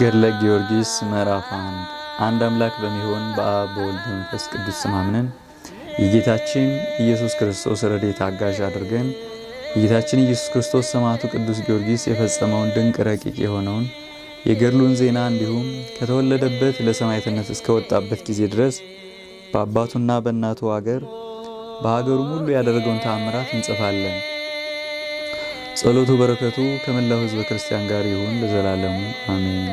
ገድለ ጊዮርጊስ ምዕራፍ አንድ አንድ አምላክ በሚሆን በአብ በወልድ በመንፈስ ቅዱስ ስም አምነን የጌታችን ኢየሱስ ክርስቶስ ረድኤት አጋዥ አድርገን የጌታችን ኢየሱስ ክርስቶስ ሰማዕቱ ቅዱስ ጊዮርጊስ የፈጸመውን ድንቅ ረቂቅ የሆነውን የገድሉን ዜና እንዲሁም ከተወለደበት ለሰማዕትነት እስከወጣበት ጊዜ ድረስ በአባቱና በእናቱ አገር በሀገሩም ሁሉ ያደረገውን ተአምራት እንጽፋለን። ጸሎቱ በረከቱ ከመላው ሕዝበ ክርስቲያን ጋር ይሁን ለዘላለሙ አሜን።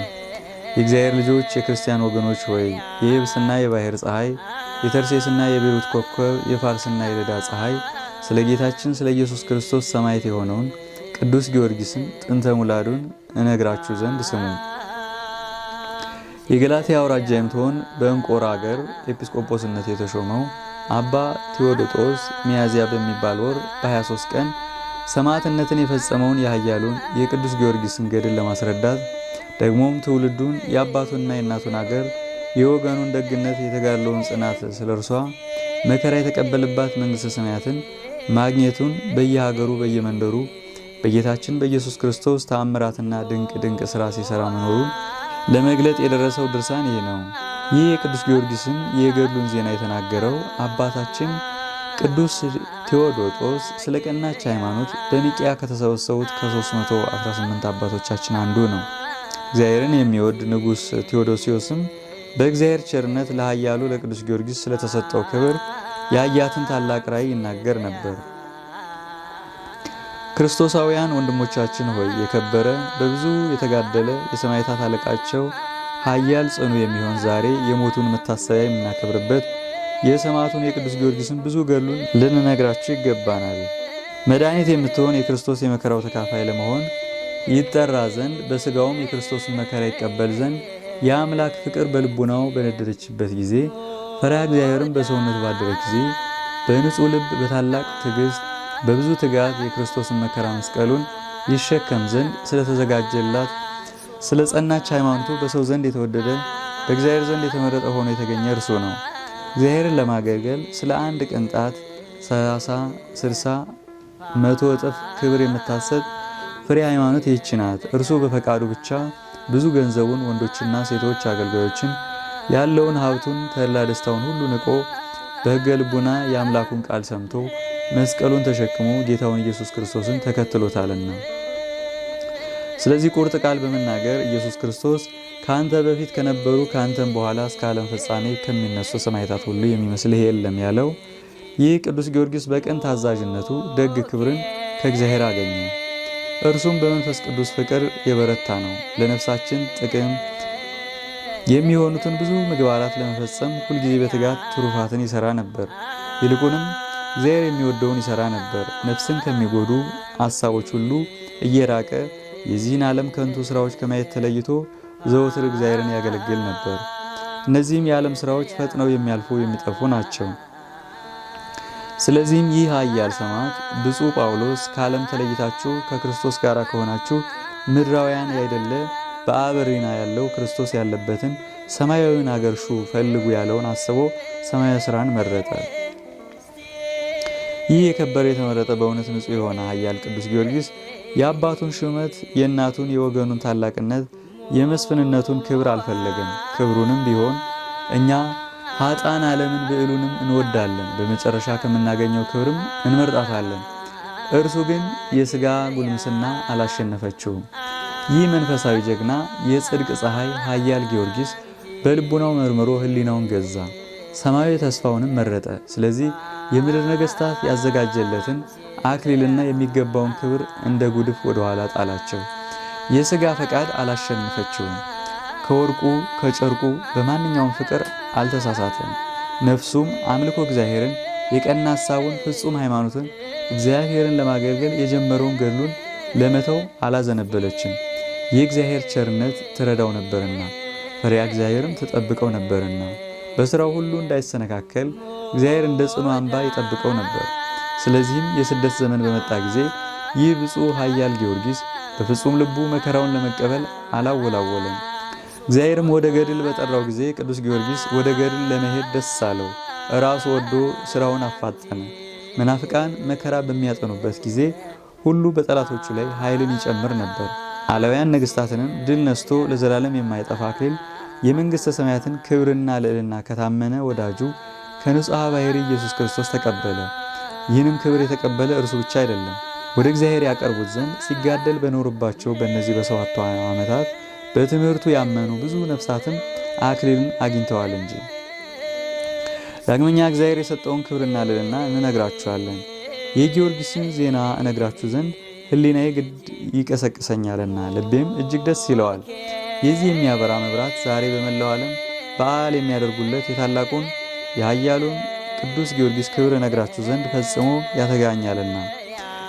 የእግዚአብሔር ልጆች የክርስቲያን ወገኖች ሆይ የየብስና የባሕር ፀሐይ፣ የተርሴስና የቤሩት ኮከብ፣ የፋርስና የልዳ ፀሐይ ስለ ጌታችን ስለ ኢየሱስ ክርስቶስ ሰማዕት የሆነውን ቅዱስ ጊዮርጊስን ጥንተ ሙላዱን እነግራችሁ ዘንድ ስሙ። የገላትያ አውራጃ የምትሆን በእንቆራ አገር ኤጲስቆጶስነት የተሾመው አባ ቴዎዶጦስ ሚያዝያ በሚባል ወር በ23 ቀን ሰማዕትነትን የፈጸመውን የኃያሉን የቅዱስ ጊዮርጊስን ገድል ለማስረዳት ደግሞም ትውልዱን የአባቱንና የእናቱን አገር የወገኑን ደግነት የተጋለውን ጽናት ስለ እርሷ መከራ የተቀበለባት መንግሥተ ሰማያትን ማግኘቱን በየሀገሩ በየመንደሩ በጌታችን በኢየሱስ ክርስቶስ ተአምራትና ድንቅ ድንቅ ሥራ ሲሠራ መኖሩን ለመግለጥ የደረሰው ድርሳን ይህ ነው። ይህ የቅዱስ ጊዮርጊስን የገድሉን ዜና የተናገረው አባታችን ቅዱስ ቴዎዶጦስ ስለ ቀናች ሃይማኖት በኒቅያ ከተሰበሰቡት ከ318 አባቶቻችን አንዱ ነው። እግዚአብሔርን የሚወድ ንጉሥ ቴዎዶሲዮስም በእግዚአብሔር ቸርነት ለኃያሉ ለቅዱስ ጊዮርጊስ ስለተሰጠው ክብር የአያትን ታላቅ ራእይ ይናገር ነበር። ክርስቶሳውያን ወንድሞቻችን ሆይ የከበረ በብዙ የተጋደለ የሰማዕታት አለቃቸው ኃያል ጽኑ የሚሆን ዛሬ የሞቱን መታሰቢያ የምናከብርበት የሰማዕቱን የቅዱስ ጊዮርጊስን ብዙ ገድሉን ልንነግራችሁ ይገባናል። መድኃኒት የምትሆን የክርስቶስ የመከራው ተካፋይ ለመሆን ይጠራ ዘንድ በሥጋውም የክርስቶስን መከራ ይቀበል ዘንድ የአምላክ ፍቅር በልቡናው በነደደችበት ጊዜ ፈሪሃ እግዚአብሔርን በሰውነት ባደረ ጊዜ በንጹሕ ልብ በታላቅ ትዕግሥት በብዙ ትጋት የክርስቶስን መከራ መስቀሉን ይሸከም ዘንድ ስለተዘጋጀላት ስለ ጸናች ሃይማኖቱ በሰው ዘንድ የተወደደ በእግዚአብሔር ዘንድ የተመረጠ ሆኖ የተገኘ እርሱ ነው። እግዚአብሔርን ለማገልገል ስለ አንድ ቅንጣት 30፣ 60፣ መቶ እጥፍ ክብር የምታሰጥ ፍሬ ሃይማኖት ይህች ናት። እርሱ በፈቃዱ ብቻ ብዙ ገንዘቡን፣ ወንዶችና ሴቶች አገልጋዮችን፣ ያለውን ሀብቱን፣ ተላ ደስታውን ሁሉ ንቆ በሕገ ልቡና የአምላኩን ቃል ሰምቶ መስቀሉን ተሸክሞ ጌታውን ኢየሱስ ክርስቶስን ተከትሎታልና። ስለዚህ ቁርጥ ቃል በመናገር ኢየሱስ ክርስቶስ ከአንተ በፊት ከነበሩ ከአንተም በኋላ እስከ ዓለም ፍጻሜ ከሚነሱ ሰማዕታት ሁሉ የሚመስልህ የለም ያለው ይህ ቅዱስ ጊዮርጊስ በቅን ታዛዥነቱ ደግ ክብርን ከእግዚአብሔር አገኘ። እርሱም በመንፈስ ቅዱስ ፍቅር የበረታ ነው። ለነፍሳችን ጥቅም የሚሆኑትን ብዙ ምግባራት ለመፈጸም ሁልጊዜ በትጋት ትሩፋትን ይሰራ ነበር። ይልቁንም እግዚአብሔር የሚወደውን ይሰራ ነበር። ነፍስን ከሚጎዱ ሐሳቦች ሁሉ እየራቀ የዚህን ዓለም ከንቱ ሥራዎች ከማየት ተለይቶ ዘወትር እግዚአብሔርን ያገለግል ነበር። እነዚህም የዓለም ስራዎች ፈጥነው የሚያልፉ የሚጠፉ ናቸው። ስለዚህም ይህ ኃያል ሰማዕት ብፁዕ ጳውሎስ ከዓለም ተለይታችሁ ከክርስቶስ ጋር ከሆናችሁ ምድራውያን ያይደለ በአበሪና ያለው ክርስቶስ ያለበትን ሰማያዊውን አገር ሹ ፈልጉ ያለውን አስቦ ሰማያዊ ስራን መረጠ። ይህ የከበረ የተመረጠ በእውነት ንጹሕ የሆነ ኃያል ቅዱስ ጊዮርጊስ የአባቱን ሹመት የእናቱን የወገኑን ታላቅነት የመስፍንነቱን ክብር አልፈለገም። ክብሩንም ቢሆን እኛ ሀጣን ዓለምን ብዕሉንም እንወዳለን፣ በመጨረሻ ከምናገኘው ክብርም እንመርጣታለን። እርሱ ግን የሥጋ ጉልምስና አላሸነፈችውም። ይህ መንፈሳዊ ጀግና የጽድቅ ፀሐይ ኃያል ጊዮርጊስ በልቡናው መርምሮ ሕሊናውን ገዛ፣ ሰማያዊ ተስፋውንም መረጠ። ስለዚህ የምድር ነገሥታት ያዘጋጀለትን አክሊልና የሚገባውን ክብር እንደ ጉድፍ ወደ ኋላ ጣላቸው። የሥጋ ፈቃድ አላሸነፈችውም። ከወርቁ ከጨርቁ በማንኛውም ፍቅር አልተሳሳተም። ነፍሱም አምልኮ እግዚአብሔርን፣ የቀና ሐሳቡን፣ ፍጹም ሃይማኖትን፣ እግዚአብሔርን ለማገልገል የጀመረውን ገድሉን ለመተው አላዘነበለችም። የእግዚአብሔር ቸርነት ትረዳው ነበርና ፈሪያ እግዚአብሔርም ትጠብቀው ነበርና በሥራው ሁሉ እንዳይሰነካከል እግዚአብሔር እንደ ጽኑ አምባ ይጠብቀው ነበር። ስለዚህም የስደት ዘመን በመጣ ጊዜ ይህ ብፁዕ ኃያል ጊዮርጊስ በፍጹም ልቡ መከራውን ለመቀበል አላወላወለም። እግዚአብሔርም ወደ ገድል በጠራው ጊዜ ቅዱስ ጊዮርጊስ ወደ ገድል ለመሄድ ደስ አለው። እራሱ ወዶ ስራውን አፋጠነ። መናፍቃን መከራ በሚያጸኑበት ጊዜ ሁሉ በጠላቶቹ ላይ ኃይልን ይጨምር ነበር። አላውያን ነገሥታትንም ድል ነስቶ ለዘላለም የማይጠፋ አክሊል የመንግሥተ ሰማያትን ክብርና ልዕልና ከታመነ ወዳጁ ከንጹሐ ባሕርይ ኢየሱስ ክርስቶስ ተቀበለ። ይህንም ክብር የተቀበለ እርሱ ብቻ አይደለም ወደ እግዚአብሔር ያቀርቡት ዘንድ ሲጋደል በኖርባቸው በእነዚህ በሰባቱ ዓመታት በትምህርቱ ያመኑ ብዙ ነፍሳትም አክሊልን አግኝተዋል እንጂ። ዳግመኛ እግዚአብሔር የሰጠውን ክብርና ልልና እንነግራችኋለን። የጊዮርጊስን ዜና እነግራችሁ ዘንድ ሕሊናዬ ግድ ይቀሰቅሰኛልና ልቤም እጅግ ደስ ይለዋል። የዚህ የሚያበራ መብራት ዛሬ በመላው ዓለም በዓል የሚያደርጉለት የታላቁን የኃያሉን ቅዱስ ጊዮርጊስ ክብር እነግራችሁ ዘንድ ፈጽሞ ያተጋኛልና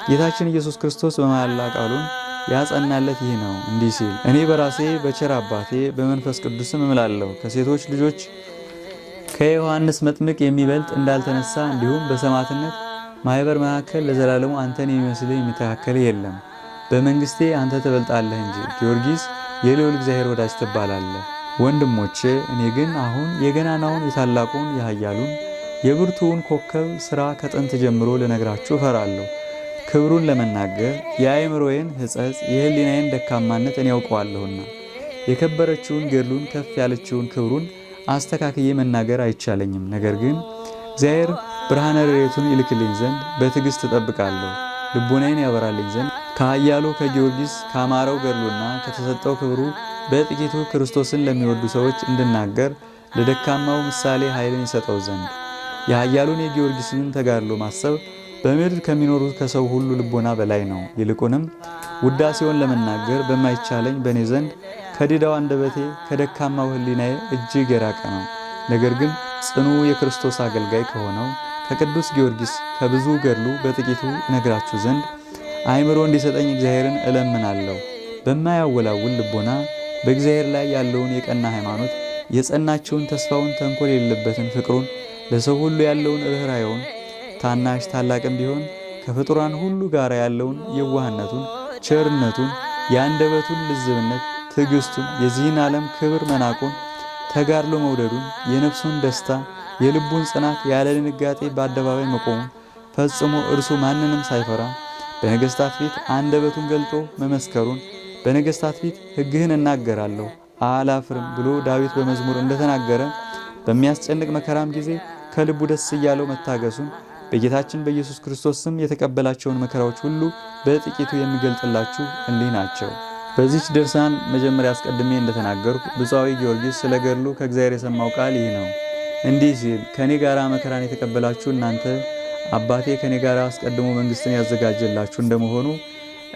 ጌታችን ኢየሱስ ክርስቶስ በመሐላ ቃሉን ያጸናለት ይህ ነው እንዲህ ሲል እኔ በራሴ በቸር አባቴ በመንፈስ ቅዱስም እምላለሁ ከሴቶች ልጆች ከዮሐንስ መጥምቅ የሚበልጥ እንዳልተነሳ እንዲሁም በሰማዕትነት ማህበር መካከል ለዘላለሙ አንተን የሚመስል የሚተካከል የለም። በመንግስቴ አንተ ትበልጣለህ እንጂ ጊዮርጊስ የልዑል እግዚአብሔር ወዳጅ ትባላለህ። ወንድሞቼ እኔ ግን አሁን የገናናውን የታላቁን የኃያሉን የብርቱውን ኮከብ ሥራ ከጥንት ጀምሮ ልነግራችሁ እፈራለሁ። ክብሩን ለመናገር የአእምሮዬን ሕጸጽ የህሊናዬን ደካማነት እኔ ያውቀዋለሁና የከበረችውን ገድሉን ከፍ ያለችውን ክብሩን አስተካክዬ መናገር አይቻለኝም። ነገር ግን እግዚአብሔር ብርሃነ ረድኤቱን ይልክልኝ ዘንድ በትዕግሥት እጠብቃለሁ። ልቡናዬን ያበራልኝ ዘንድ ከኃያሉ ከጊዮርጊስ ካማረው ገድሉና ከተሰጠው ክብሩ በጥቂቱ ክርስቶስን ለሚወዱ ሰዎች እንድናገር ለደካማው ምሳሌ ኃይልን ይሰጠው ዘንድ የኃያሉን የጊዮርጊስን ተጋድሎ ማሰብ በምድር ከሚኖሩት ከሰው ሁሉ ልቦና በላይ ነው። ይልቁንም ውዳሴውን ለመናገር በማይቻለኝ በእኔ ዘንድ ከዲዳው አንደበቴ ከደካማው ሕሊናዬ እጅግ የራቀ ነው። ነገር ግን ጽኑ የክርስቶስ አገልጋይ ከሆነው ከቅዱስ ጊዮርጊስ ከብዙ ገድሉ በጥቂቱ ነግራችሁ ዘንድ አእምሮ እንዲሰጠኝ እግዚአብሔርን እለምናለሁ። በማያወላውል ልቦና በእግዚአብሔር ላይ ያለውን የቀና ሃይማኖት፣ የጸናችውን ተስፋውን፣ ተንኮል የሌለበትን ፍቅሩን፣ ለሰው ሁሉ ያለውን ርኅራኄውን ታናሽ ታላቅም ቢሆን ከፍጡራን ሁሉ ጋር ያለውን የዋህነቱን፣ ቸርነቱን፣ የአንደበቱን ልዝብነት፣ ትዕግስቱን፣ የዚህን ዓለም ክብር መናቁን፣ ተጋድሎ መውደዱን፣ የነፍሱን ደስታ፣ የልቡን ጽናት፣ ያለ ድንጋጤ በአደባባይ መቆሙን ፈጽሞ እርሱ ማንንም ሳይፈራ በነገሥታት ፊት አንደበቱን ገልጦ መመስከሩን በነገሥታት ፊት ሕግህን እናገራለሁ አላፍርም ብሎ ዳዊት በመዝሙር እንደተናገረ በሚያስጨንቅ መከራም ጊዜ ከልቡ ደስ እያለው መታገሱን በጌታችን በኢየሱስ ክርስቶስ ስም የተቀበላቸውን መከራዎች ሁሉ በጥቂቱ የሚገልጥላችሁ እንዲህ ናቸው። በዚች ድርሳን መጀመሪያ አስቀድሜ እንደተናገርኩ ብፁዓዊ ጊዮርጊስ ስለ ገድሉ ከእግዚአብሔር የሰማው ቃል ይህ ነው። እንዲህ ሲል ከእኔ ጋር መከራን የተቀበላችሁ እናንተ አባቴ ከእኔ ጋር አስቀድሞ መንግሥትን ያዘጋጀላችሁ እንደመሆኑ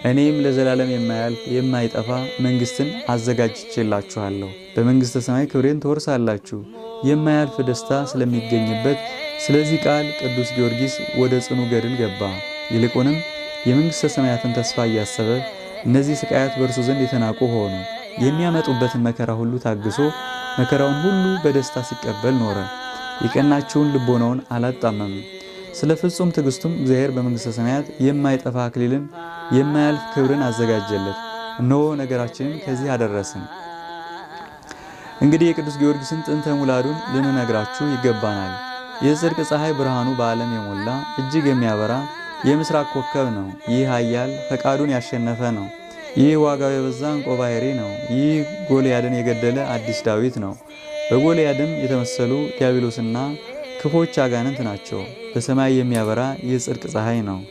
እኔም ለዘላለም የማያልፍ የማይጠፋ መንግሥትን አዘጋጅቼላችኋለሁ። በመንግሥተ ሰማይ ክብሬን ትወርሳላችሁ። የማያልፍ ደስታ ስለሚገኝበት ስለዚህ ቃል ቅዱስ ጊዮርጊስ ወደ ጽኑ ገድል ገባ። ይልቁንም የመንግሥተ ሰማያትን ተስፋ እያሰበ እነዚህ ስቃያት በእርሱ ዘንድ የተናቁ ሆኑ። የሚያመጡበትን መከራ ሁሉ ታግሶ መከራውን ሁሉ በደስታ ሲቀበል ኖረ። የቀናችውን ልቦናውን አላጣመምም። ስለ ፍጹም ትዕግስቱም እግዚአብሔር በመንግሥተ ሰማያት የማይጠፋ አክሊልን የማያልፍ ክብርን አዘጋጀለት። እነሆ ነገራችንን ከዚህ አደረስን። እንግዲህ የቅዱስ ጊዮርጊስን ጥንተ ሙላዱን ልንነግራችሁ ይገባናል። የጽድቅ ፀሐይ ብርሃኑ በዓለም የሞላ እጅግ የሚያበራ የምስራቅ ኮከብ ነው። ይህ ኃያል ፈቃዱን ያሸነፈ ነው። ይህ ዋጋው የበዛ ዕንቆ ባሕሪ ነው። ይህ ጎልያድን የገደለ አዲስ ዳዊት ነው። በጎልያድም የተመሰሉ ዲያብሎስና ክፎች አጋንንት ናቸው። በሰማይ የሚያበራ የጽድቅ ፀሐይ ነው።